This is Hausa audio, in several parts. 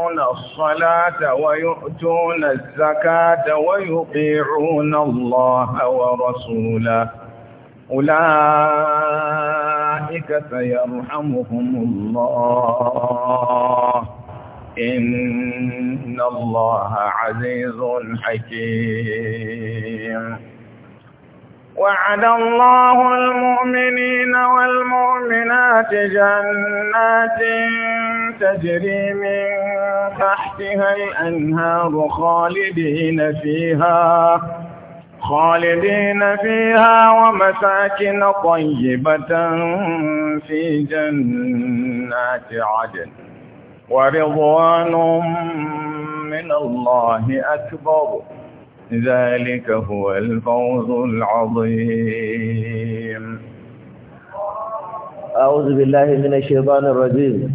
يقيمون الصلاة ويؤتون الزكاة ويطيعون الله ورسوله أولئك سيرحمهم الله إن الله عزيز حكيم وعد الله المؤمنين والمؤمنات جنات تجري من تحتها الأنهار خالدين فيها خالدين فيها ومساكن طيبة في جنات عدن ورضوان من الله أكبر ذلك هو الفوز العظيم أعوذ بالله من الشيطان الرجيم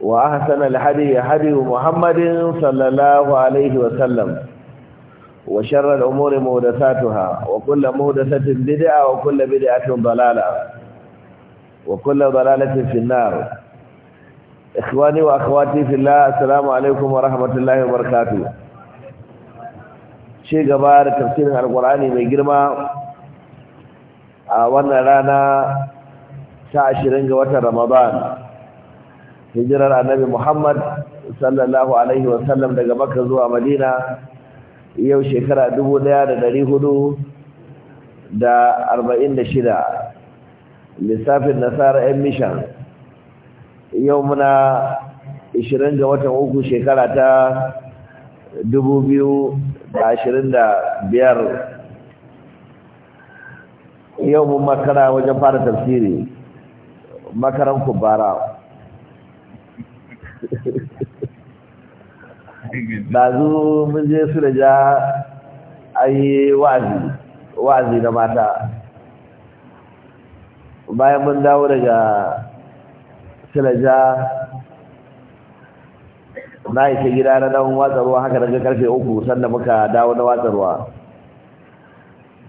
وأحسن الهدي هدي محمد صلى الله عليه وسلم وشر الأمور مهدساتها وكل مهدسة بدعة وكل بدعة ضلالة وكل ضلالة في النار إخواني وأخواتي في الله السلام عليكم ورحمة الله وبركاته شيء قبار تفسير القرآن من جرمى وانا رانا ساعة شرنجة وتر رمضان hijirar annabi Muhammad sallallahu alaihi wasallam daga Makka zuwa Madina yau shekara dubu ɗaya da dari hudu da arba'in da shida lissafin nasara 'yan mishan yau muna ishirin ga watan uku shekara ta dubu biyu da ashirin da biyar yau mun makara wajen fara tafsiri makaran kubara dazu mun je su da ja ayi wazi wazi na mata bayan mun dawo daga silaja na isa gida na dan watsarwa ruwa haka daga karfe uku sannan muka dawo na watsarwa ruwa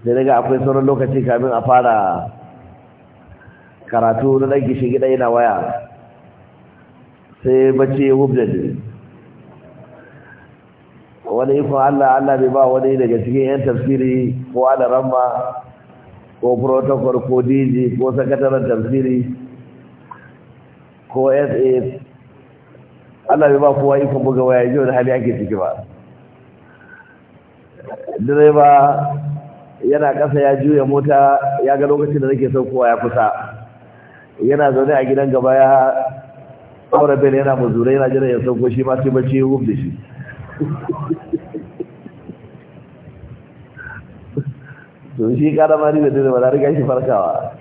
da daga akwai sauran lokaci kamin a fara karatu na ɗan gishi gida yana waya sai bacci ya wubda jiri wani ikon Allah Allah bai ba wani daga cikin 'yan tafsiri ko alaramba ko protocol ko dj ko sakataren tafsiri ko sa Allah bai ba kowa ikon buga waya yi wani hali ake ciki ba direba yana ƙasa ya juya mota ya ga lokacin da nake kowa ya kusa yana zaune a gidan gaba ya ƙaura bai yana mazurai yana jira ya sauko shi ma ce bace wuf da shi to shi kara ma ni da dare ba riga shi farkawa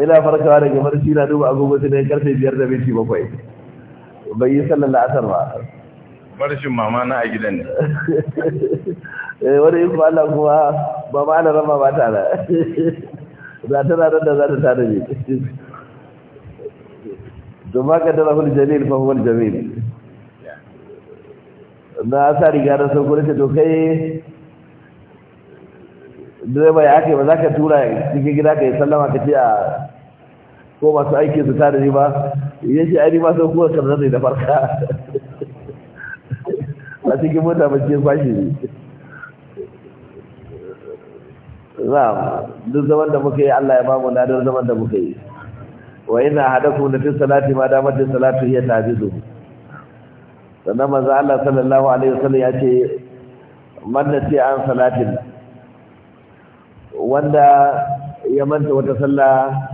ina farkawa daga marci na duba agogo sai dai karfe biyar da minti bakwai bai yi sallar la'asar ba barshin mama na a gidan ne eh wani yin ba Allah kuma ba ma na rama ba tana za ta da za ta tada ne domin kadarahul jalil fa huwal jamil na sa riga na sauko nace to kai dole bai ake ba za ka tura kike gida ka yi sallama ka ce a ko masu aiki su tada ni ba ya ce ai ma sau kuwa kan zai da farka a cikin mota ba ce kwashi za duk zaman da muka yi Allah ya ba mu bamu ladar zaman da muka yi wa ina hadathu na fin salati ma damar da salatu tabi tabizu sannan manzo Allah sallallahu alaihi wasallam ya ce man nasi an salatin wanda ya manta wata sallah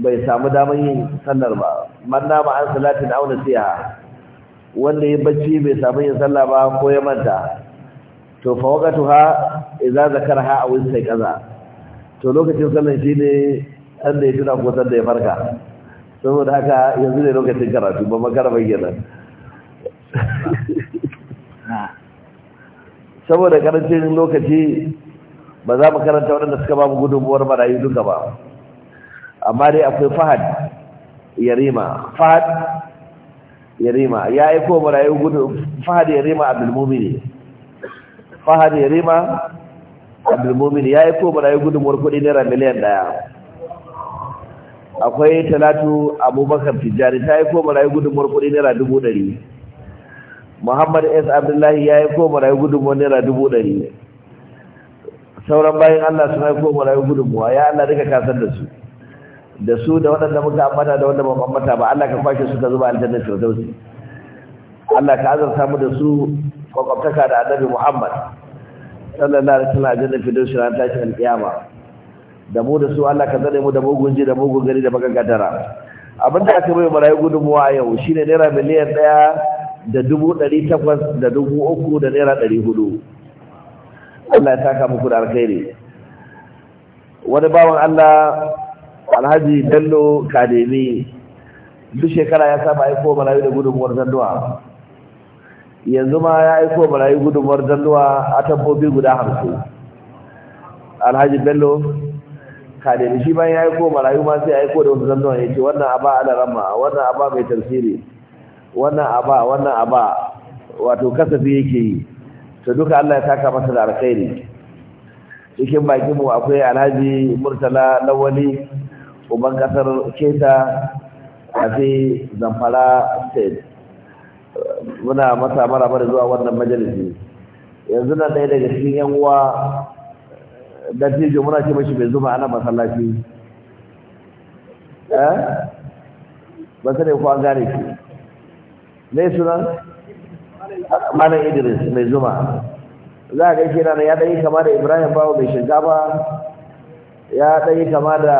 bai samu damar yin sallar ba man nama an salatin aw nasiha wanda ya bacci bai samu yin sallah ba ko ya manta to fa waqatuha idza zakaraha aw kaza. to lokacin sallar ne. san da ya tuna ko san da ya farka saboda haka yanzu ne lokacin karatu ba makara bai kenan saboda karancin lokaci ba za mu karanta waɗanda suka ba mu gudunmuwar marayu duka ba amma dai akwai fahad yarima fahad yarima ya aiko marayu gudun fahad yarima ne fahad yarima ne ya aiko marayu gudunmuwar kuɗi naira miliyan ɗaya akwai talatu abubakar tijjani ta yi koma rayu gudunmuwar kudi naira dubu ɗari muhammad s abdullahi ya yi koma rayu gudunmuwar naira dubu ɗari sauran bayan allah suna yi koma rayu gudunmuwa ya allah duka kasar da su da su da waɗanda muka ambata da wanda ba ambata ba allah ka kwashe su ka zuba aljannar firdausi allah ka azar mu da su kwakwabtaka da annabi muhammad sallallahu alaihi wasallam aljannar firdausi ran tashin alƙiyama da mu da su Allah ka zane mu da mugun ji da mugun gari da baka gadara abinda aka bai marayu gudunmuwa yau shine naira miliyan ɗaya da dubu ɗari takwas da dubu uku da naira ɗari hudu Allah ya saka muku da alkhairi wani bawan Allah alhaji dallo kademi duk shekara ya saba aiko marayu da gudunmuwar zanduwa yanzu ma ya aiko marayu gudunmuwar zanduwa a tabbobi guda hamsin alhaji bello kare shi bayan ya aiko marayu ma sai ya aiko da wasu zannuwa ya wannan aba ala rama wannan aba mai tafsiri wannan aba wannan aba wato kasafi yake yi to duka Allah ya saka masa da alkhairi cikin bakin mu akwai Alhaji Murtala Lawali uban kasar Keta a Zamfara State muna masa maraba da zuwa wannan majalisi yanzu nan ɗaya daga cikin yan uwa dattijo muna ce mashi bai zuba ana masallaci eh ba sai ko an gane shi ne suna malam Idris mai zuma za ga shi nan ya dai kama da Ibrahim bawo mai shinkafa ya dai kama da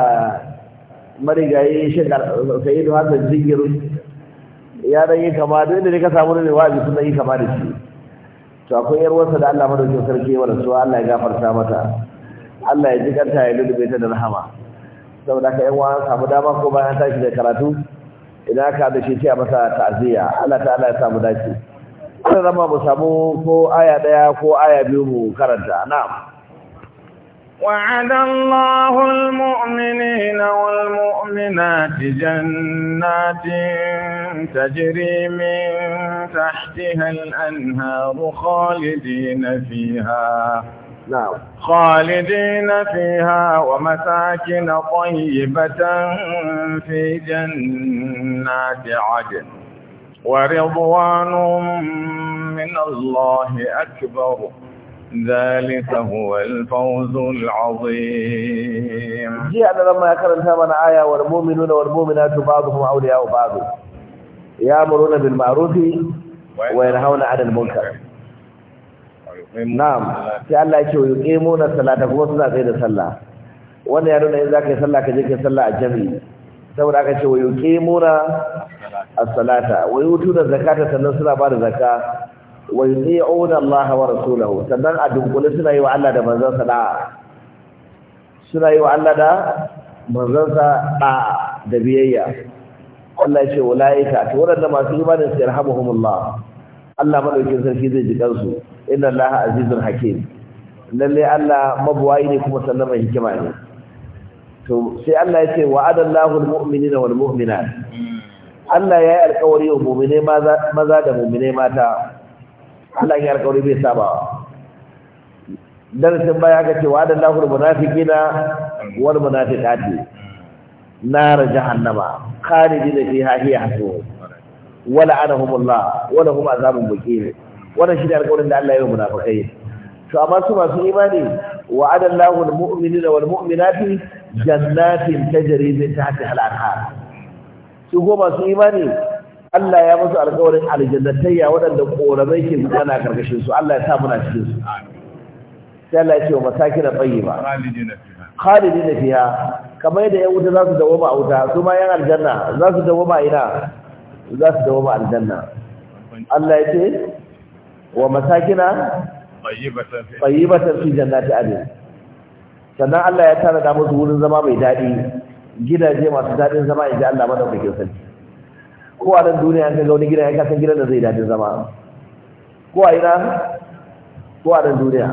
marigayi shigar da Hassan Jingir ya dai kama da inda ka samu ne wazi sun yi kama da shi to akwai yar da Allah madaukakin sarki wala su Allah ya gafarta mata Allah ya jikanta ya lulube ta da rahama saboda ka yan wani samu dama ko bayan tashi da karatu idan aka da shi ce a masa ta'aziyya Allah ta'ala ya samu dace Allah zama mu samu ko aya daya ko aya biyu mu karanta na'am وعد الله المؤمنين والمؤمنات جنات تجري من تحتها الأنهار خالدين فيها نعم خالدين فيها ومساكن طيبة في جنات عدن ورضوان من الله أكبر ذلك هو الفوز العظيم جاءنا لما يكرمها من آية والمؤمنون والمؤمنات بعضهم أولياء بعض يأمرون بالمعروف وينهون عن المنكر na'am sai Allah yake wa na salata kuma suna tsaye da sallah wannan ya nuna in ka yi sallah ka je ka sallah a Jami. saboda aka ce wa yuqimuna na salata tu da zakata sannan suna ba da zakka wa auna Allah wa rasulahu sannan a dunkule suna yi wa Allah da manzon sa da'a suna yi wa Allah da manzon sa da'a da biyayya Allah ya ce ulaika to waɗanda masu imanin su yarhamuhumullah Allah madaukin sarki zai ji kansu inna Laha azizun hakim lalle Allah mabuwayi ne kuma sannan mai hikima ne to sai Allah ya ce wa'ada Allahul mu'minina wal mu'minat Allah ya yi alƙawari wa mu'mine maza da mu'mine mata Allah ya alkawari bai saba darasin baya ka ce wa'ada Allahul munafiqina wal munafiqati nar jahannama khalidina fiha hiya hasbuhum wala anahumullah wala hum azabun muqim wannan shi ne alƙawarin da Allah ya yi munafikai to amma su masu imani wa adallahu almu'minina wal mu'minati jannatin tajri min tahtiha al-anhar su go masu imani Allah ya musu alƙawarin aljannatayya waɗanda ƙoramai ke gudana karkashin su Allah ya sa muna cikin su sai Allah ya ce wa masakin tayyiba khalidina fiha kamar yadda ya wuta za su dawo dawoma a wuta su ma yan aljanna za su dawo dawoma ina za su dawo ba aljanna Allah ya ce wa masakina tayyibatan fi jannati adin sannan Allah ya tara da musu wurin zama mai daɗi gidaje masu daɗin zama inda Allah madaukakin sarki ko a nan duniya an wani gidan ya kasan gidan da zai daɗin zama ko a ina ko a nan duniya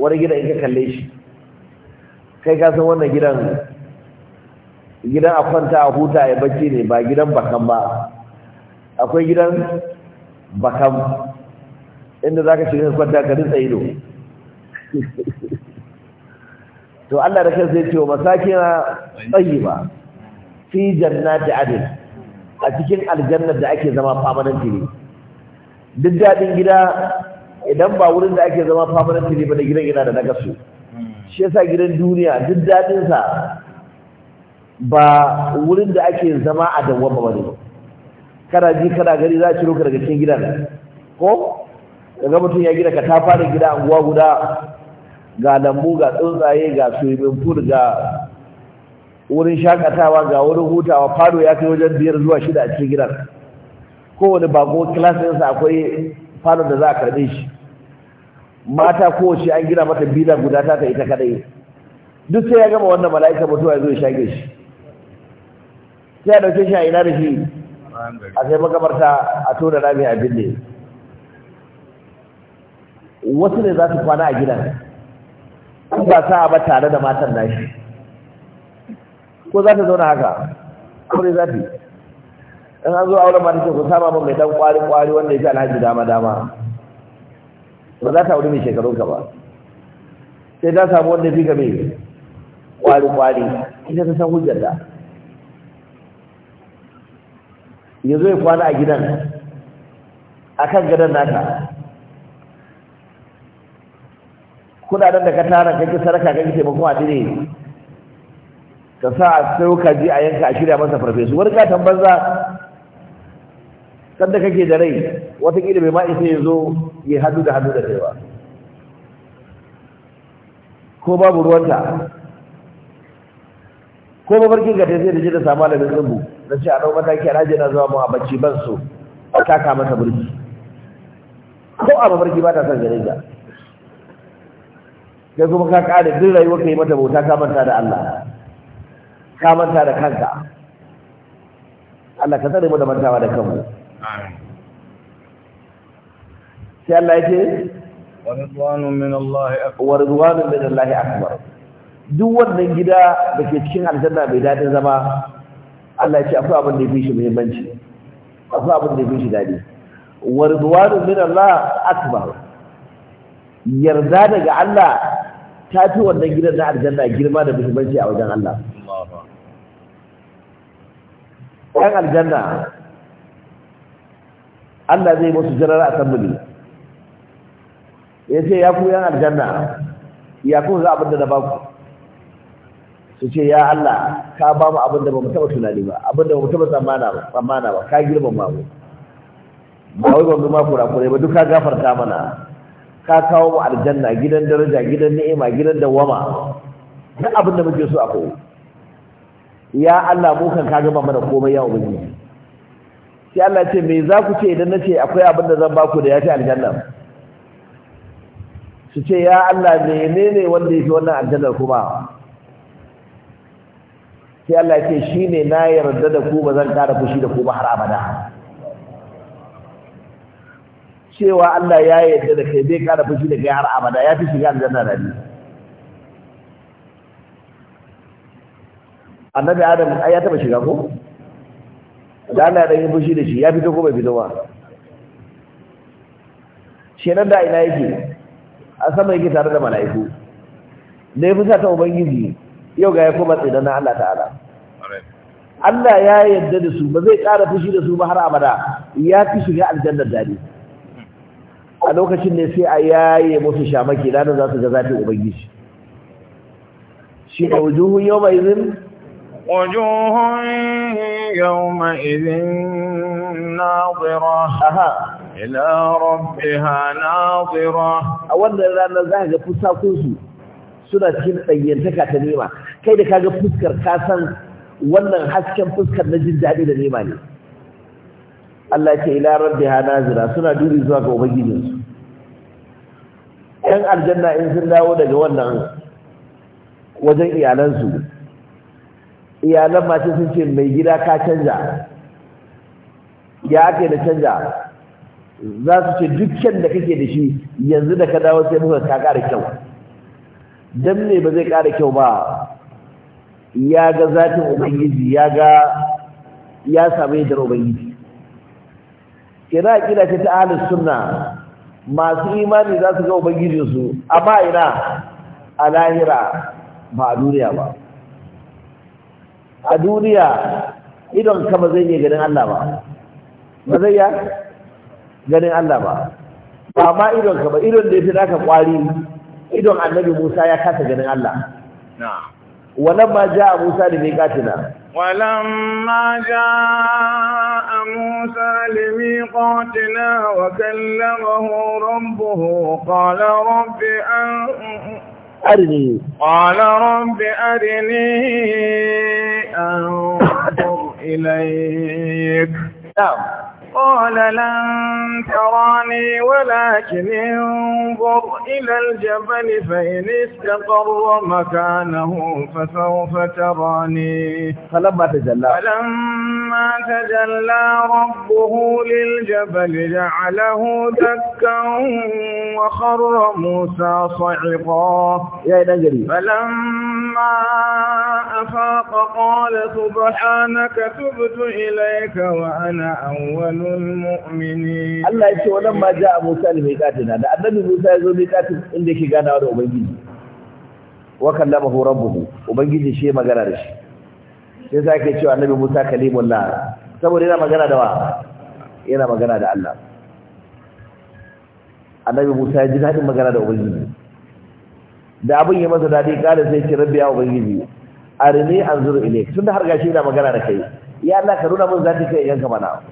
wani gidan in ka kalle shi kai ka san wannan gidan gidan a kwanta a huta ya bacci ne ba gidan bakan ba akwai gidan bakam inda za ka shiga kwanta ka rinsa ido to Allah da kan zai ce wa masakina tsayiba fi jannati adil a cikin aljannar da ake zama permanent ne duk dadin gida idan ba wurin da ake zama permanent ne ba da gidan yana da nagasu shi yasa gidan duniya duk dadin sa ba wurin da ake zama a dawwama ne. kada ji kana gari za a ciro ka daga cikin gidan ko daga mutum ya gida ka ta fara gida anguwa guda ga lambu ga tsuntsaye ga swimming pool ga wurin shakatawa ga wurin hutawa fado ya kai wajen biyar zuwa shida a cikin gidan kowane bako klasinsa akwai falon da za a karbe shi mata kowace an gina mata bila guda ta ta ita kadai duk sai ya gama wannan mala'ika mutuwa ya zo ya shage shi sai ya dauke shi a ina da shi a sai makabarta a tona rami a bille. wasu ne za su kwana a gidan An ba sa ba tare da matan nashi ko za ta zauna haka kuri za ta yi in an zo auren mata ce ku sama min mai dan kwari kwari wanda ya fi alhaji dama dama ba za ta auri mai shekarun ka ba sai ta samu wanda ya fi ka mai kwari kwari ita ta san hujjar da Yanzu ya kwana a gidan a kan gadon naka kudaden da ka tara kake saraka kake taimakon a dire ka sa a sayo ji a yanka a shirya masa farfesu wani katon banza sanda kake da rai watakila bai ma isa ya zo ya hannu da hannu da cewa ko babu ruwanta ko mafarkin ka ta sai da ji da samu alamin tsubu na ce a ɗau mataki a na zuwa mu a bacci ban su a taka masa burki ko a mafarki ba ta son gare ta Kai kuma ka ƙare duk rayuwar ka yi mata bauta ka manta da Allah ka manta da kanka Allah ka tsare mu da mantawa da kanmu sai Allah ya ce warzuwanun min Allah warzuwanun min Allah akbar duk wannan gida da ke cikin aljanna bai dadin zama Allah ya ce akwai abin da ya fi shi muhimmanci akwai abin da ya fi shi daɗi wa min Allah akbar yarda daga Allah ta fi wannan gidan na aljanna girma da muhimmanci a wajen Allah ɗan aljanna Allah zai musu jirar asambili ya ce ya ku yan aljanna ya ku za abin da na baku su ce ya Allah ka ba mu abin da ba mu taɓa tunani ba abin da ba mu taɓa tsammana ba ka girmama mu ba wai ba mu kura-kura ba duk ka gafarta mana ka kawo mu aljanna gidan daraja gidan ni'ima gidan dawama duk abin da muke so akwai ya Allah mu kan ka gaba mana komai ya ubangiji sai Allah ce me za ku ce idan na ce akwai abin da zan baku da ya ce aljanna su ce ya Allah menene wanda yake wannan aljanna kuma sai Allah ya ce ne na yarda da ku ba zan ƙara fushi da ku ba har abada cewa Allah ya yarda da kai zai ƙara fushi da kai har abada ya fi shiga aljanna da ni annabi adam ai ya taba shiga ko da Allah ya yi fushi da shi ya fito ko bai fito ba shenan da ina yake a sama yake tare da mala'iku da ya sa ta ubangiji yau ga ya koma tsidan na Allah ta'ala Allah ya yarda da su ba zai ƙara fushi da su ba har abada ya fi shiga aljannar dadi a lokacin ne sai a yaye musu shamaki ranar za su ga zafin ubangiji shi ne wujuhun yau mai izin wujuhun yau mai izin aha ila rabbiha nazira a wannan ranar za ka ga fusa kunsu suna cikin ɗayyantaka ta nema kai da ka ga fuskar ka san wannan hasken fuskar na jin daɗi da nema ne Allah ce ila rabbiha nazira suna duri zuwa ga ubangijinsu ƴan aljanna in sun dawo daga wannan wajen iyalansu iyalan mace sun ce mai gida ka canja ya ake da canja za su ce dukkan da kake da shi yanzu da ka dawo sai muka ka ƙara kyau Don me ba zai ƙara kyau ba ya ga zatin ubangiji ya ga ya samu yadda ubangiji kira kira ta ta'alus sunna masu imani za su ga ubangijinsu amma ina a lahira ba a duniya ba a duniya idon ka ba zai iya ganin Allah ba ba zai ya ganin Allah ba ba ma idon ka ba idon da ya fi naka kwari idon annabi Musa ya kasa ganin Allah ولما جاء موسى لميقاتنا ولما جاء موسى لميقاتنا وكلمه ربه قال رب أرني قال رب أرني أنظر إليك نعم قال لن تراني ولكن انظر إلى الجبل فإن استقر مكانه فسوف تراني فلما تجلى فلما تجلى ربه للجبل جعله دكا وخر موسى صعقا يا إلهي فلما أفاق قال سبحانك تبت إليك وأنا أول Allah ya ce wa nan ma ja a Musa al-miqatina da annabi Musa ya zo miqatin inda yake ganawa da ubangiji wa kallamahu rabbuhu ubangiji shi ya magana da shi sai sake cewa annabi Musa kalimullah saboda yana magana da wa yana magana da Allah annabi Musa ya ji dadin magana da ubangiji da abin ya masa dadi kada sai ce rabbi ya ubangiji arini anzur ilayk tunda har gashi yana magana da kai ya Allah ka nuna min zaki kai yanka mana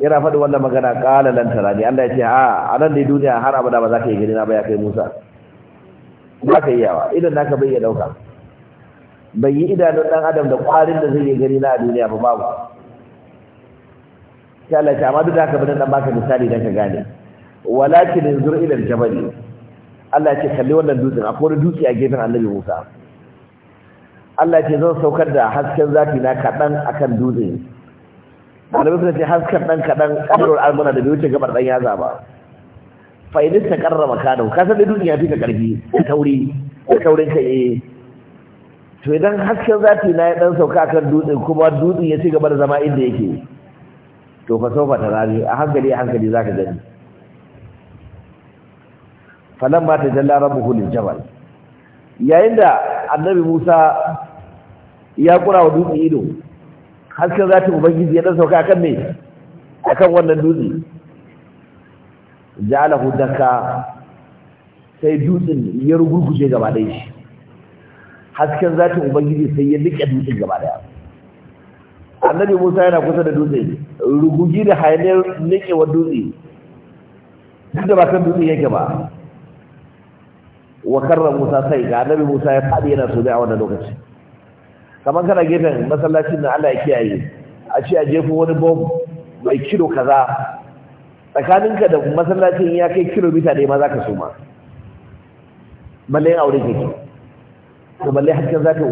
yana faɗi wannan magana ƙala tara ne Allah ya ce a a nan dai duniya har abada ba za ka yi gani na ba ya kai Musa ba ka yi yawa idan naka bai ya dauka bai yi idanun dan adam da ƙwarin da zai yi gani na a duniya ba babu sai Allah ya ce amma duk da haka nan dan baka misali dan ka gane walakin zur ila al-jabal Allah ya ce kalli wannan dutsen akwai wani dutse a gefen Annabi Musa Allah ya ce zan saukar da hasken zafi na kaɗan akan dutsen wanda suka ce hasken ɗan kaɗan ƙadarwar almana da bai wuce gabar ɗan yaza ba fa'idin ta karrama kano ka san da duniya fi ka ƙarfi da tauri da taurin ka eh to idan hasken zafi na ya ɗan sauka kan dutsen kuma dutsen ya ci gaba da zama inda yake to fa sofa ta rani a hankali a hankali za ka gani falan ba ta jalla rabbuhu lil jabal yayin da annabi Musa ya kura wa dutsen ido hasken zatin ubangiji ya dan sauka akan me akan wannan dutse ja'alahu daka sai dutsen ya rugurguje gaba da shi hasken zatin ubangiji sai ya dike dutsen gaba da annabi Musa yana kusa da dutse rugugi da hayaniyar nikewa dutse duk da ba san dutse yake ba wa karra Musa sai ga annabi Musa ya fadi yana so a wannan lokacin. kamar kana gefen masallacin na Allah ya kiyaye a ce a jefo wani bomb mai kilo kaza tsakaninka da masallacin ya kai kilomita ne ma za ka suma balle aure kake to balle hakkin za ka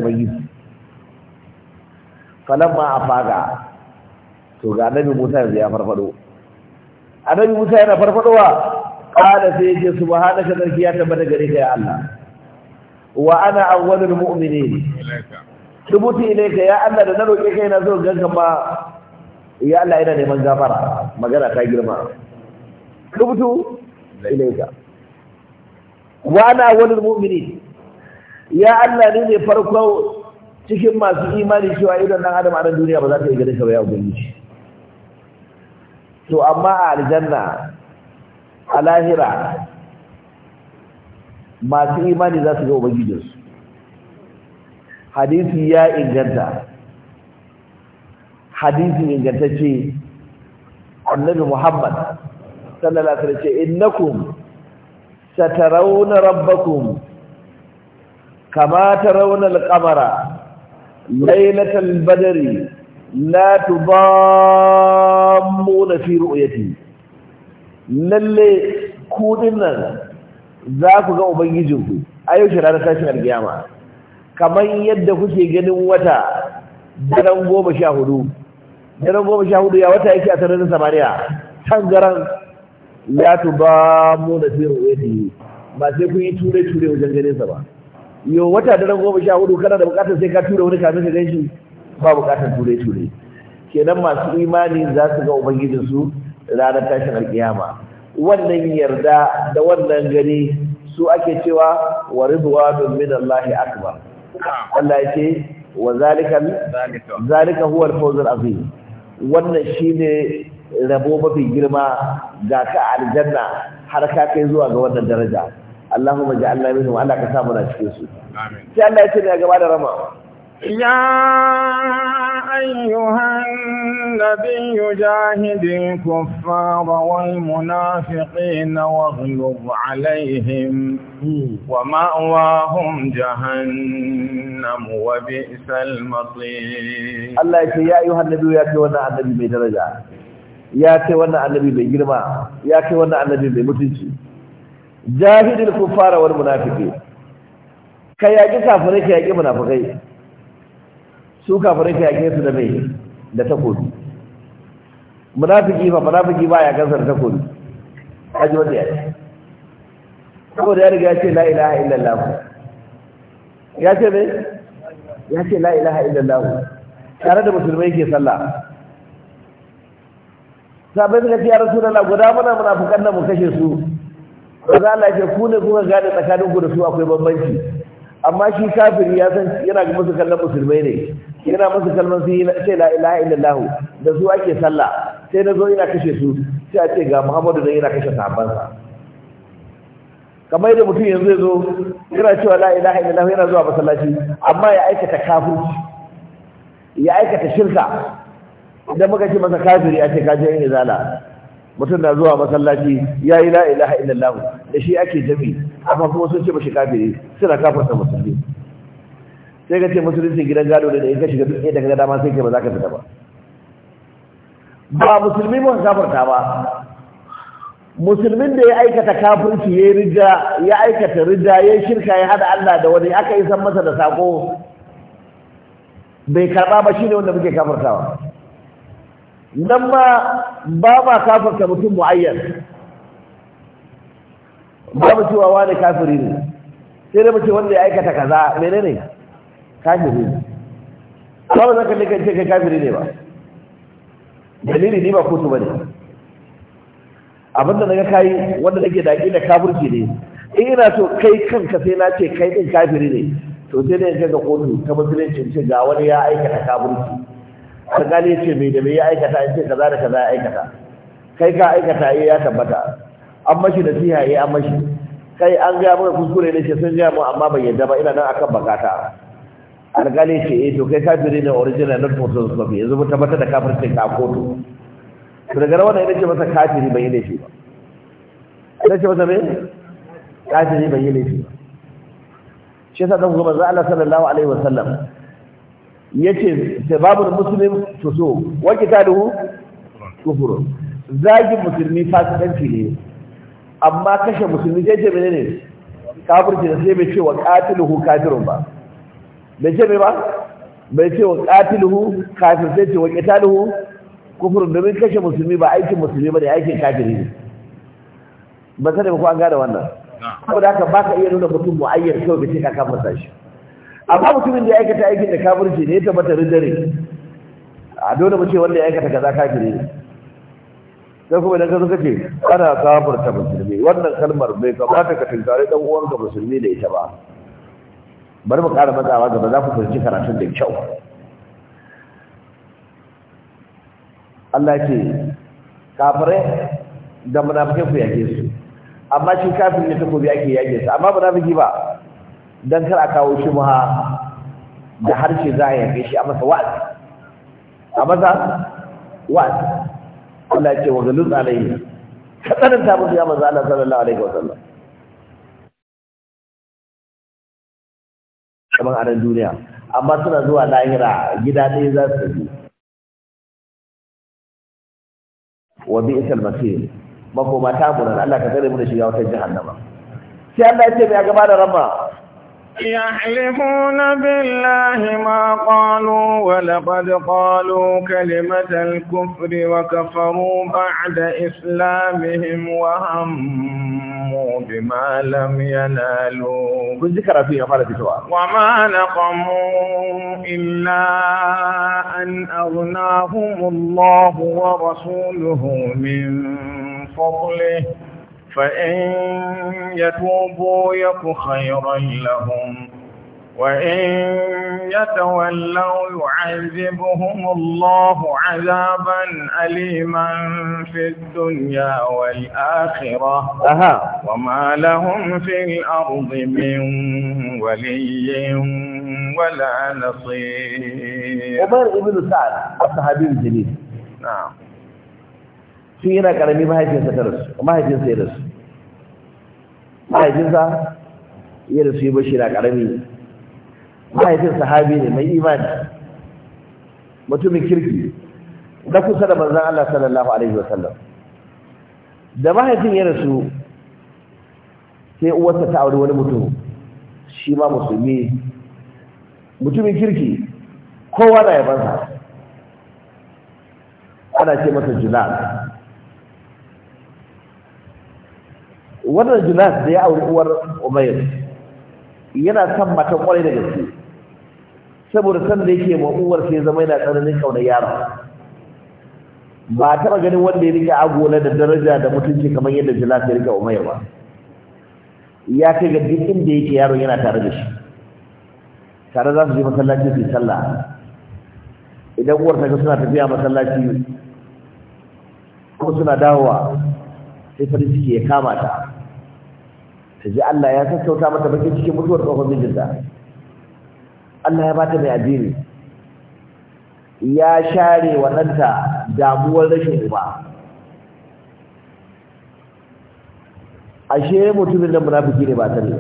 Falon ma a faga to ga annabi musa yanzu ya farfado annabi musa yana farfadowa kada sai yake subhanaka sarki ya tabbata gare ka ya Allah wa ana awwalul mu'minin ne ilaika ya Allah da na roƙe kai na zo ganka ba ya Allah ina neman gafara magana ta girma tubutu ilaika wa ana awwalul mu'minin ya Allah ne ne farko cikin masu imani cewa idan nan adam a nan duniya ba za ta yi gare ka ba ya ubangiji to amma a aljanna a lahira masu imani za su ga ubangijinsu hadisi ya inganta hadisi inganta ce, annabi muhammad sallallahu alaihi wasallam innakum satarawna rabbakum kama tarawna al-qamara laylatal badri la tudammuna fi ru'yati lalle ku dinnan za ku ga ubangijinku ayyuka ranar tashin alkiyama kamar yadda kuke ganin wata daren goma sha hudu daren goma sha hudu ya wata yake a sararin samaniya tangaran ya tuba mu da fi ruwaiti ba sai kun yi ture-ture wajen ganin sa ba yo wata daren goma sha hudu kana da bukatar sai ka tura wani kafin ka gan shi ba bukatar ture-ture kenan masu imani za su ga ubangijinsu ranar tashin alkiyama wannan yarda da wannan gani su ake cewa wa rizwa min Allah akbar Allah ya ce wa zalika zalika huwa al-fawz al-azim wannan shine rabo mafi girma ga ka aljanna har ka kai zuwa ga wannan daraja Allahumma ja'alna minhum Allah ka sa mu na cikin su amin sai Allah ya ce ne gaba da rama يا أيها النبي جاهد الكفار والمنافقين واغلظ عليهم ومأواهم جهنم وبئس المصير الله يقول يا أيها النبي يا كيوانا النبي بدرجة يا كيوانا النبي بجرمة يا كيوانا النبي بمتنشي جاهد الكفار والمنافقين ka yaƙi kafirai ka yaƙi munafikai su kafirai ka yake su da mai da takobi munafiki fa munafiki ba ya kansa da takobi kaji wanda ya ce saboda ya riga ya ce la ilaha illallah ya ce me ya ce la ilaha illallah tare da musulmai ke sallah sabai suka ce ya rasulullah guda mana munafikan nan mu kashe su za Allah ce ku ne kuka gane tsakaninku da su akwai bambanci amma shi kafiri ya san yana ga musu kallon musulmai ne yana masa kalman sun yi ce la ilaha da su ake sallah sai na zo ina kashe su sai a ce ga Muhammadu da yana kashe sahabbansa kamar yadda mutum yanzu ya zo yana cewa la'ilaha ilaha illallah yana zuwa masallaci amma ya aikata kafirci ya aikata shirka idan muka ce masa kafiri a ce ka je izala mutum na zuwa masallaci ya yi la'ilaha ilaha illallah da shi ake jami amma kuma sun ce ba shi kafiri suna kafarsa musulmi sai ka ce musulunci gidan gado ne da in ka shiga duk ɗaya daga dama sai ke ba za ka fita ba ba musulmi muka kafarta ba musulmin da ya aikata kafirci ya rida ya aikata rida ya shirka ya hada Allah da wani aka yi san masa da sako bai karba ba shine wanda muke kafartawa nan ma ba ma kafarta mutum mu'ayyan babu cewa wani kafiri ne sai da muke wanda ya aikata kaza menene ne kafiri ne ba za ka lika ce kai kafiri ne ba dalili ni ba kotu ba ne abinda na ga kayi wanda nake da da kafirci ne in ina so kai kanka sai na ce kai din kafiri ne to sai dai ga kotu ta musulunci ce ga wani ya aikata kafirci ka gane ce mai da mai ya aikata ya ce kaza da kaza ya aikata kai ka aikata eh, ya tabbata an mashi siya ya eh, an mashi kai an gaya mana kuskure ne ce sun gaya mu amma bai yadda ba ina nan akan bakata alƙali ce eh to kai kafiri ne original not photoscopy yanzu mu tabbatar da kafircin ka kotu to daga rawa idan ce masa kafiri bai yi laifi ba idan ce masa me kafiri bai yi laifi ba shi yasa dan goma Allah sallallahu alaihi wasallam yace sababul muslim so wa qitaluhu kufur zagin musulmi fasikanci ne amma kashe musulmi sai ce menene kafirci da sai bai ce wa qatiluhu kafirun ba bai ce mai ba bai ce wa qatiluhu kafin sai ce wa qitaluhu Kufurin domin kashe musulmi ba aikin musulmi ba da aikin kafiri ne ba sai ba ko an gane wannan saboda haka ba ka iya nuna mutum mu'ayyar kawai ka ce ka kafarta shi amma mutumin da ya aikata aikin da kafirci ne ya tabbata dare. a dole mu ce wanda ya aikata kaza kafiri ne sai kuma idan ka zo kace kana kafirta musulmi wannan kalmar bai kamata ka tinkare dan uwanka musulmi da ita ba bari mu ƙara matsawa gaba za ku fahimci karatun da kyau Allah ce kafirai da munafiki ku yake su amma shi kafin ne ta kobi ake yake su amma munafiki ba dan kar a kawo shi muha da harshe za a yake shi a masa wa'azi a masa wa'azi Allah ce wa galus alaihi ka tsananta musu ya manzo Allah sallallahu alaihi wasallam kamar a nan duniya amma suna zuwa lahira gida ɗaya za su yi wa bi isal masir makoma ta buran Allah ka tsare mu da shiga wata jahannama sai Allah ya ce mai gaba da rama يحلفون بالله ما قالوا ولقد قالوا كلمة الكفر وكفروا بعد إسلامهم وهموا بما لم ينالوا بالذكر في قال وما نقموا إلا أن أغناهم الله ورسوله من فضله فإن يتوبوا يك خيرا لهم وإن يتولوا يعذبهم الله عذابا أليما في الدنيا والآخرة أها. وما لهم في الأرض من ولي ولا نصير عمر بن سعد الصحابي الجليل نعم tun yana karami mahaifinsa ta rasu mahaifinsa ya rasu mahaifinsa ya rasu yi bashi na karami mahaifin sahabi ne mai imani mutumin kirki na kusa da manzan Allah sallallahu alaihi wasallam da mahaifin ya rasu sai uwarsa ta auri wani mutum shi ma musulmi mutumin kirki kowa na yabansa ana ce masa junan wannan Junas da ya auri uwar Umayr yana san matan kwarai da gaske saboda san da yake ma uwar sai zama yana tsananin kauna yaron ba taɓa ganin wanda ya rike agola da daraja da mutunci kamar yadda Junas ya rike Umayr ba ya kai ga duk inda yake yaron yana tare da shi tare za su je masallaci su yi sallah idan uwar ta ga suna tafiya masallaci ko suna dawowa sai farin ciki ya kama ta ta ji Allah ya sassauta mata bakin cikin mutuwar tsohon mijinta Allah ya bata mai addini ya share wa damuwar rashin uba ashe mutumin nan munafiki ne ba ta ne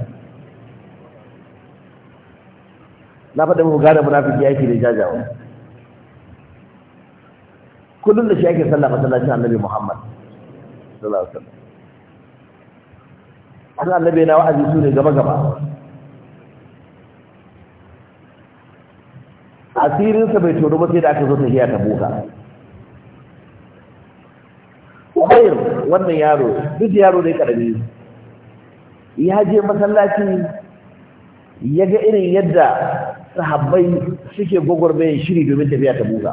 na faɗa mu gane munafiki yake da jajawa kullum da shi ake sallah masallacin annabi Muhammad sallallahu alaihi wasallam Ana annabi na wa'azi su ne gaba gaba asirinsa bai tsoro ba sai da aka zo ta hiya ta buka Ubayr wannan yaro duk yaro ne karami ya je masallaci ya ga irin yadda sahabbai suke gwagwarmayin shiri domin tafiya ta buka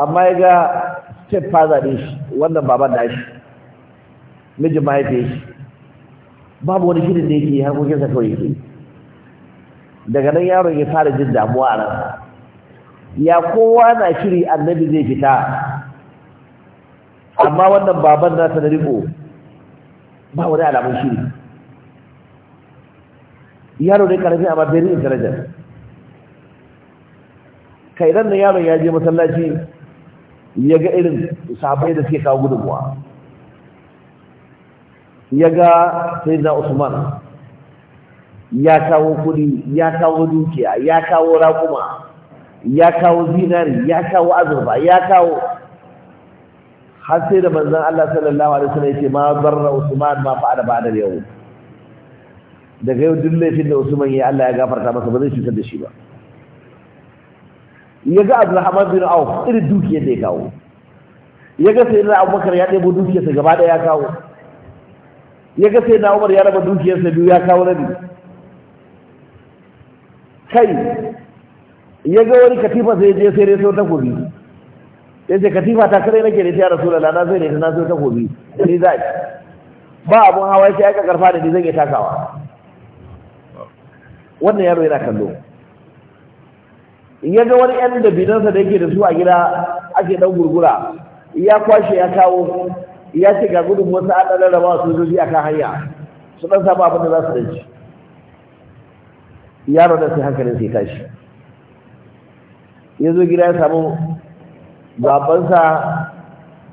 amma ya ga step father ne shi wannan baban da shi mijin mahaifiyar shi babu wani shirin da yake harkokinsa kawai yake daga nan yaron ya fara jin damuwa a ya kowa na shiri annabi zai fita amma wannan baban na na riko ba wani alamun shiri yaro ne karfi amma bai rin darajar kai ran da yaron ya je masallaci ya ga irin sahabbai da suke kawo gudunmuwa ya ga sayyidina Usman ya kawo kudi ya kawo dukiya ya kawo raƙuma ya kawo zinari ya kawo azurfa ya kawo har sai da manzon Allah sallallahu alaihi wasallam yace ma barra Usman ma fa'ala ba'da yau daga yau duk laifin da Usman ya Allah ya gafarta masa ba zai cutar da shi ba ya ga Abdulrahman bin Auf irin dukiyar da ya kawo ya ga sayyidina Abubakar ya ɗebo dukiyarsa gaba ɗaya ya kawo ya ga sai na umar ya raba dukiyarsa biyu ya kawo rabi kai ya ga wani katifa sai je sai reso takobi ya ce katifa ta kare nake da ta rasu lalata na sai da ta na ta takobi sai za ba abun hawa sai aka karfa da ni zan iya takawa wannan yaro yana kallo ya ga wani yan dabinansa da yake da su a gida ake dan gurgura ya kwashe ya kawo ya ce ga gudun wasu an ɗan rarraba a akan hanya su ɗan samu abin da za su ɗanci yaro da sai hankalin sai tashi ya zo gida ya samu babansa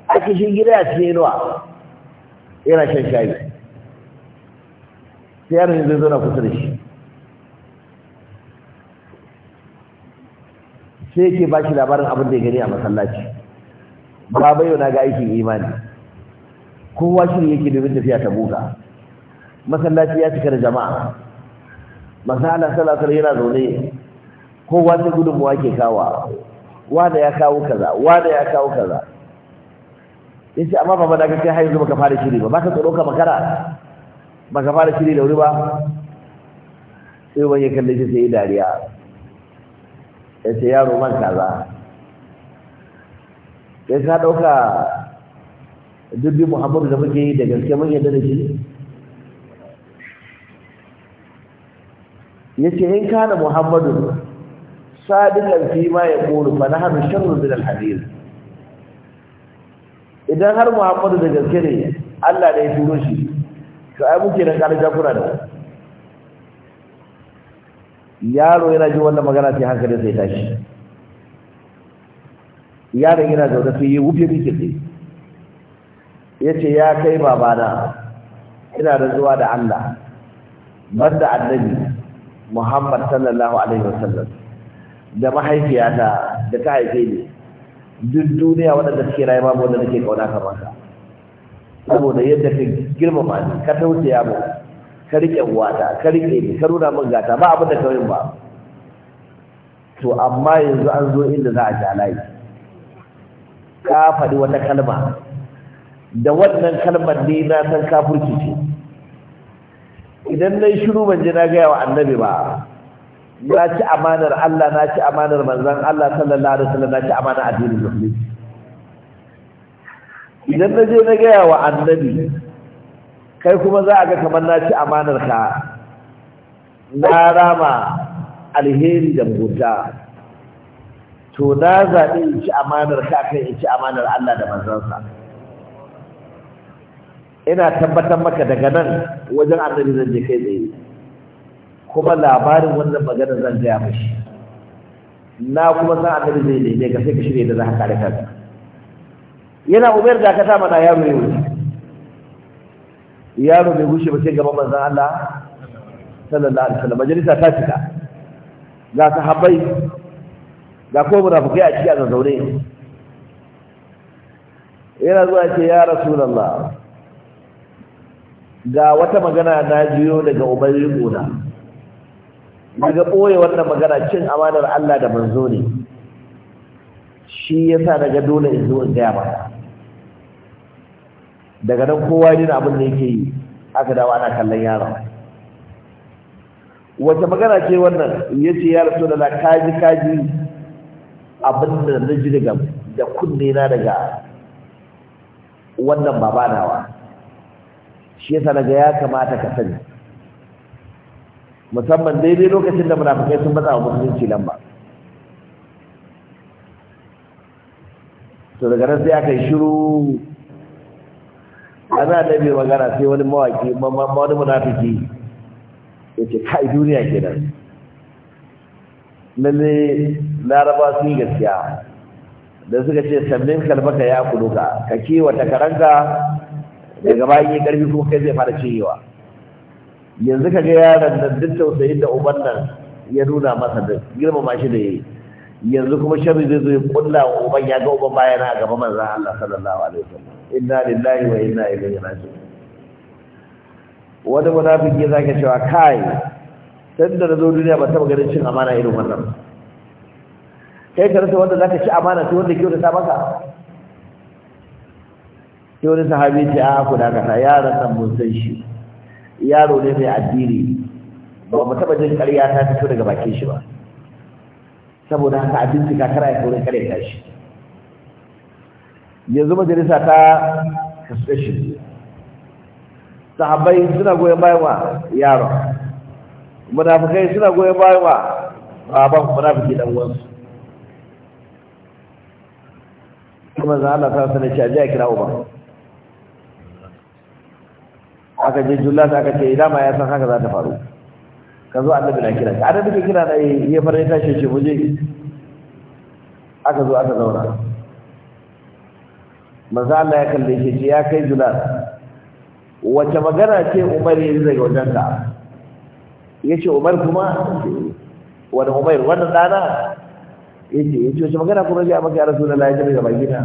a kishin gida ya ce yanuwa yana shan shayi sai yaron zai zo na kusa da shi sai ke ba shi labarin abin da ya gani a masallaci ba bayo na ga aikin imani kowa ne yake domin tafiya ta buka masallaci ya cika da jama'a masalan salatar yana zaune kowa ta gudunmuwa ke kawa wanda ya kawo kaza wanda ya kawo kaza yace amma baba da kai har yanzu baka fara shiri ba baka tsoro ka makara baka fara shiri da wuri ba sai wani ya kalle shi sai dariya yace yaro man kaza sai ka dauka duk bi muhammadu da muke yi da gaske mun yadda da shi ya ce in kana muhammadu sadiqan fi ma ya qulu fa na sharrun min al-hadith idan har muhammadu da gaske ne Allah da ya turo shi to ai muke da kare jakura da yaro yana ji wannan magana sai hankali sai tashi yaron yana zaune sai ya wuce miki sai ya ce ya kai babana ina da zuwa da Allah banda annabi Muhammad sallallahu alaihi wasallam da mahaifiyata da ta haife ni duk duniya wadanda suke rayuwa ba da nake kauna ka maka saboda yadda ka girmama ni ka tausaya mu ka rike uwata ka rike ni ka nuna min gata ba abin da ka ba to amma yanzu an zo inda za a ja layi ka faɗi wata kalma da wannan kalmar ne na san kafirci ce idan na yi shiru ban ji na gaya wa annabi ba na ci amanar Allah na ci amanar manzan Allah sallallahu alaihi wasallam na ci amanar addinin musulunci idan na je na gaya wa annabi kai kuma za a ga kamar na ci amanar ka na rama alheri da mugunta to na zaɓi in ci amanar ka kai in ci amanar Allah da manzansa ina tabbatar maka daga nan wajen annabi zan je kai tsaye kuma labarin wannan magana zan gaya mashi na kuma san annabi zai ne ga sai ka shirya da za ka kare kanka yana umar da ka sa mana yaro yau. wuce yaro bai gushe ba sai gaba manzon Allah sallallahu alaihi wasallam majalisa ta cika ga sahabbai ga ko munafikai a ciki a zaure yana zuwa ce ya rasulullah ga wata magana na jiyo daga ubayin gona daga ɓoye wannan magana cin amanar Allah da manzo ne shi ya sa daga dole in zo in gaya maka. daga nan kowa yin abin da yake yi aka dawo ana kallon yaron wace magana ce wannan ya ce ya rasu da kaji kaji abin da na ji daga da kunne na daga wannan babanawa shi yasa daga ya kamata ka sani musamman daidai lokacin da munafikai sun matsa wa musulunci lamba to daga nan sai aka yi shiru ana da mai magana sai wani mawaki wani munafiki ya ce kai duniya kenan lalle laraba sun yi gaskiya da suka ce sannin kalbaka ya kuduka ka kiwata karanka daga bayan yi ƙarfi kuma kai zai fara cewa yanzu ka ga yaron da duk tausayin da uban nan ya nuna masa da girmama shi da yayi yanzu kuma sharri zai zo ya kulla wa uban ya ga uban baya na gaba manzon Allah sallallahu alaihi wasallam inna lillahi wa inna ilaihi raji'un wani munafiki zaka cewa kai tunda na zo duniya ba taba ganin cin amana irin wannan kai ka rasa wanda zaka ci amana sai wanda kyau da ta maka sai wani sahabi ce a ku dakata yaron nan mun san shi yaro ne mai addini ba mu taɓa jin ƙarya ta fito daga bakin shi ba saboda haka a ka kara ya kore kare ta shi yanzu majalisa ta kasu shi sahabbai suna goyon bayan wa yaro munafikai suna goyon bayan wa baban munafiki dan uwansu kuma za Allah ta sanar shi a jiya kira uba aka je jullas aka ce idan ma ya san haka za ta faru ka zo annabi na kira ka annabi ke kira na eh, ya fara ya tashi ce muje aka zo aka zauna maza Allah ya kalle shi ce ya kai jullas wace magana ce Umar ya yi daga wajen ka ya ce Umar kuma wani Umar wannan dana ya ce wace magana kuma ya maka ya Rasulullahi ya jira ga bakina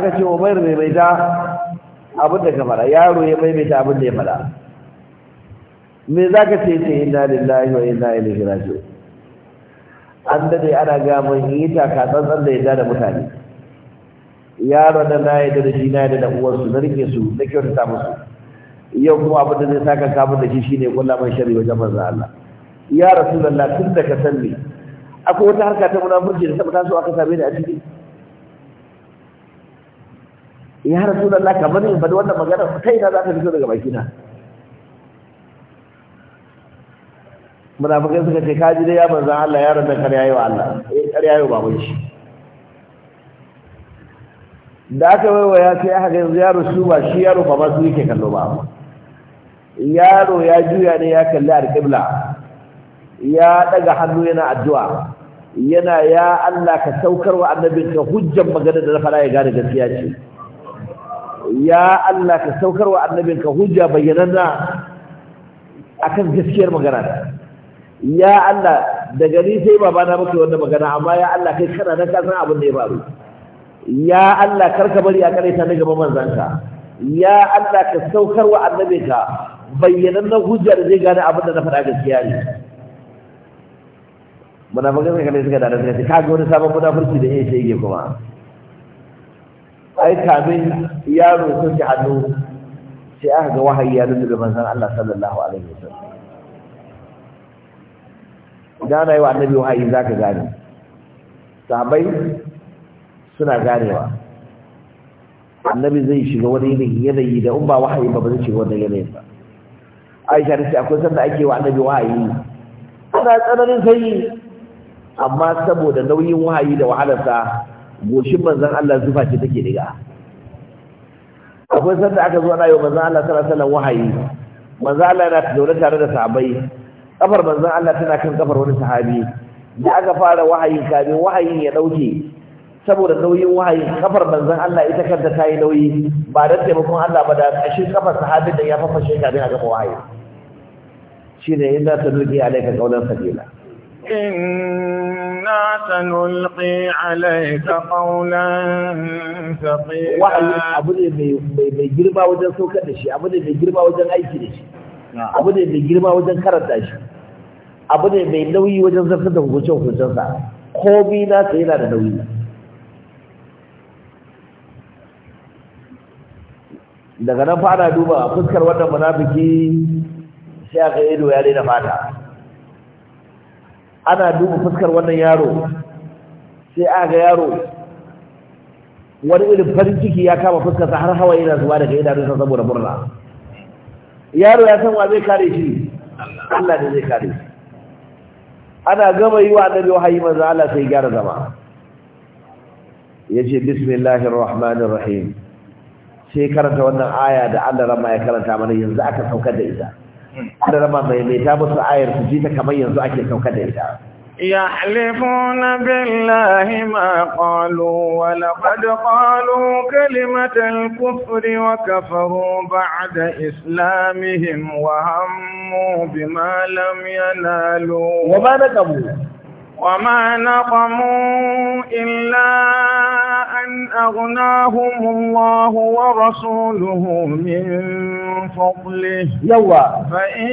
aka ce wa bayar mai mai ta abin da kamara yaro ya mai mai ta abin da ya mara me za ka ce ce inna lillahi wa ina ilaihi hirajo an dade ana ga mun yi ta ka tsantsan da ya da mutane yaro da na yadda da shi na yadda da uwarsu na rike su na kyautata musu yau kuma abin da zai saka kamun da shi shi ne kula mai shari wajen manzan Allah ya rasulullah tun da ka san akwai wata harka ta munafurci da ta taso aka same ni a ciki ya rasu da Allah kamar in faɗi wannan magana kai ina za ta fito daga baki na. Muna munafikai suka ce kaji dai ya manzan Allah yaron da kar yayi wa Allah eh kar yayi wa baban shi da aka waiwaya sai aka yanzu yaro su ba shi yaro ba su yake kallo ba yaro ya juya ne ya kalli alqibla ya daga hannu yana addu'a yana ya Allah ka saukar wa annabinka hujjan magana da na fara ya gane gaskiya ce ya Allah ka saukar annabin annabinka hujja bayyananna akan gaskiyar magana ya Allah daga ni sai babana muke wannan magana amma ya Allah kai kana nan ka san abin da ya faru ya Allah karka bari a kare ta daga gaban zanka. ya Allah ka saukar saukarwa annabinka bayyanannan hujja da zai gane abin da na faɗa gaskiya ne munafikan suka ne suka da suka ce kaga wani sabon munafurci da ya shege kuma ai kamin yaro sun ci hannu sai aka ga wahayi ya lulluɓe manzon Allah sallallahu alaihi wasallam idan ana yi wa annabi wahayi za ka gane sahabai suna ganewa annabi zai shiga wani yanayi da in ba wahayi ba zai shiga wani yanayin ba aisha ta ce akwai sanda ake wa annabi wahayi ana tsananin sanyi amma saboda nauyin wahayi da wahalarsa goshin manzan Allah zufa ce take riga akwai sanda aka zo ana yi manzan Allah sallallahu alaihi wahayi manzan Allah yana zaune tare da sahabbai kafar manzan Allah tana kan kafar wani sahabi da aka fara wahayi kamin wahayin ya dauke saboda nauyin wahayi kafar manzan Allah ita kanta ta yi nauyi ba da taimakon Allah ba da kashin kafar sahabin da ya fafashe kamin a gama wahayi shine inda ta nuke alaika kaulan sabila إنا سنلقي عليك قولا ثقيلا وحي أبو دي بي جربا وجن سوكا دشي أبو دي بي جربا أي شيء دشي أبو دي بي جربا وجن كرد دشي أبو دي بي نوي وجن زفت وجن وجن سعر قومي ناس إلا نوي daga nan fada duba fuskar wannan munafiki sai aka ido ya daina fada ana duba fuskar wannan yaro sai a ga yaro wani irin farin ciki ya kama fuskarsa har hawa yana zuwa daga idanunsa saboda murna yaro ya san wa zai kare shi Allah ne zai kare shi ana gama yi wa annabi wahayi manzo Allah sai gyara zama yace bismillahir rahmanir rahim sai karanta wannan aya da Allah ramma ya karanta mana yanzu aka saukar da ita adalama mai mai ta musu ayar su jita kamar yanzu ake sauka da ita ya halifu na billahi ma ƙwalo da ƙwado ƙwalo kalimatar kufuri wa kafaru, ba da islamihim wa hammu bi malam yanalo wa ma wa ma na illa an agunahun allahu wa rasuluhu min فضله يوا فإن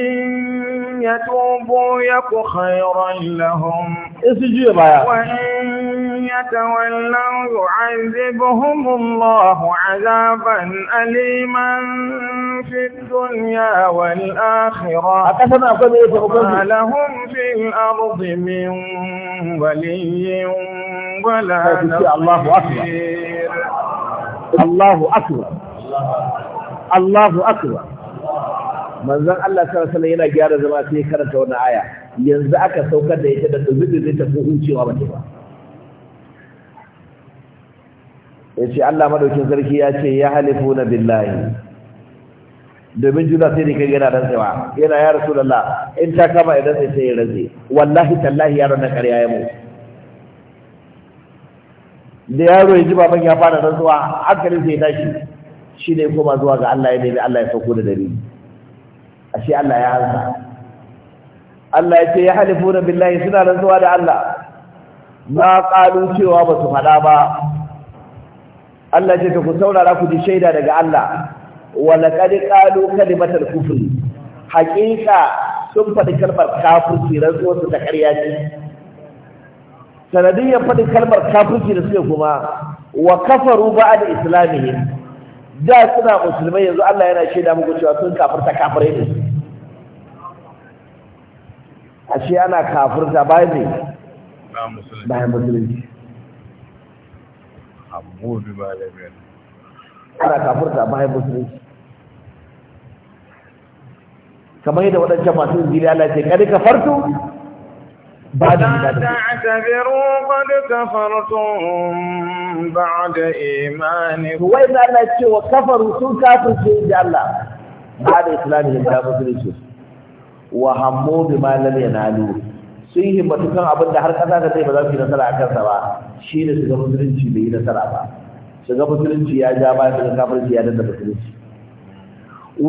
يتوبوا يك خيرا لهم وإن يتولوا يعذبهم الله عذابا أليما في الدنيا والآخرة ما لهم في الأرض من ولي ولا نصير الله أكبر الله أكبر Allahu akbar manzon Allah sallallahu alaihi yana gyara zama sai karanta wannan aya yanzu aka saukar da ita da zubi zai tafi hucewa ba ba yace Allah madaukin sarki ya ce ya halifuna billahi domin juna sai da kai yana rantsewa yana ya rasulullah in ta kama idan sai sai ya rantse wallahi tallahi yaron na ƙarya ya mu da yaro ya ji baban ya fara rantsuwa hankalin sai ya tashi shi ne kuma zuwa ga Allah ya nemi Allah ya sauko da dalili ashe Allah ya hansa Allah ya ce ya halifu da billahi suna rantsuwa da Allah ma qalu cewa ba su fada ba Allah ya ce ku saurara ku ji shaida daga Allah wa laqad qalu kalimatal kufri haqiqa sun faɗi kalmar kafirci rantsuwar su ta ƙarya ce ya faɗi kalmar kafirci da suke kuma wa kafaru ba'da islamihim da suna musulmai yanzu Allah yana shaida muku cewa sun kafirta kafirai ne ashe ana kafirta ba ne bayan musulunci ana kafirta bayan musulmi kamar yadda waɗancan masu zira Allah ce kada ka farto لا تعتبروا قد كفرتم بعد إيمانكم وإن الله يتشوى وكفروا سن كافر سيد الله بعد إسلامهم كافر سيد وهموا بما لم ينالوا sun yi matukan abin da har kasa da sai ba za su yi nasara a kansa ba shi ne shiga musulunci bai yi nasara ba shiga musulunci ya ja ba shiga kafirci ya danda musulunci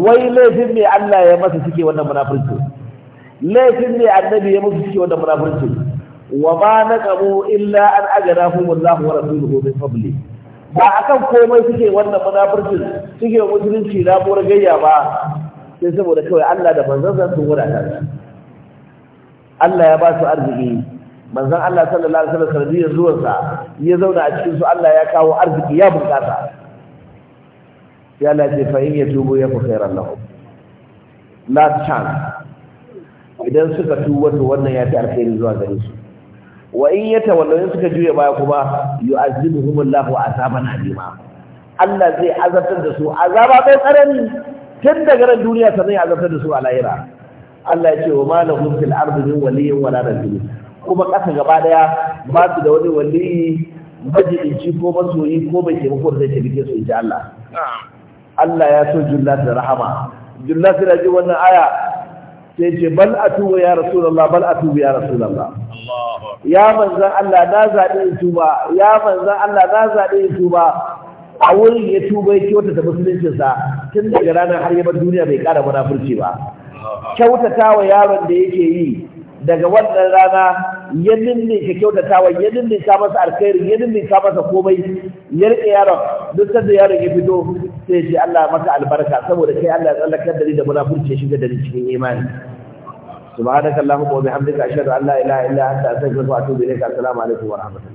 wai laifin mai Allah ya masa suke wannan munafurci laifin ne annabi ya mutu cikin wannan munafurci wa na naqamu illa an ajarahum Allahu wa rasuluhu min fadli ba akan komai suke wannan munafurci suke musulunci na bura gayya ba sai saboda kawai Allah da manzon sun wadata Allah ya ba su arziki manzon Allah sallallahu alaihi wasallam sanadiyar sa, ya zauna a cikin su Allah ya kawo arziki ya bukata ya lafi fa in ya fi khairan lahum last chance idan suka tuba to wannan ya fi alkhairi zuwa gare su wa in ya in suka juya baya kuma yu'azibuhumullahu azaban alima Allah zai azabtar da su azaba mai tsanani tun daga ran duniya sannan ya azabtar da su a lahira Allah ya ce wa malahum fil ardi min waliyyin wala rajul kuma kasa gaba daya ba su da wani waliyi majalici ko masoyi ko mai taimako da zai taimake su insha Allah Allah ya so jullas da rahama jullas da ji wannan aya sai ce bal tuba ya rasulullah bal tuba ya rasulullah ya manzan Allah na zaɓe in tuba ya manzan Allah na zaɓe in tuba a wurin ya tuba ya kyautata musuluncinsa tun daga ranar har yabar duniya bai ƙara munafurci ba kyautata wa yaron da yake yi daga wannan rana ya ninninka kyautatawan ya ninninka masa alkhairi ya ninninka masa komai ya rike yaron duk sanda yaron ya fito sai ce Allah maka albarka saboda kai Allah ya tsallakar da ni da munafurci shiga da ni cikin imani subhanakallahu wa bihamdika ashhadu an la ilaha illa anta astaghfiruka wa atubu ilaik assalamu alaikum wa rahmatullah